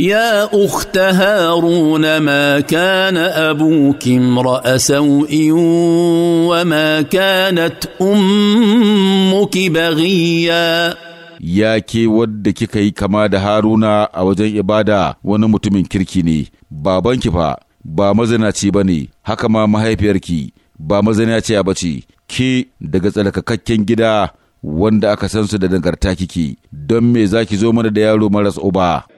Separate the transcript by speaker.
Speaker 1: يا اخت هارون ما كان ابوك امرا سوء وما كانت امك بغيا
Speaker 2: ya ke wadda kika yi kama da haruna a wajen ibada wani mutumin kirki ne babanki fa ba mazinaci ba ne haka ma mahaifiyarki ba mazinaciya ba ce ke daga tsalkakakken gida wanda aka san su da dangarta kike don me za ki zo mana da yaro maras uba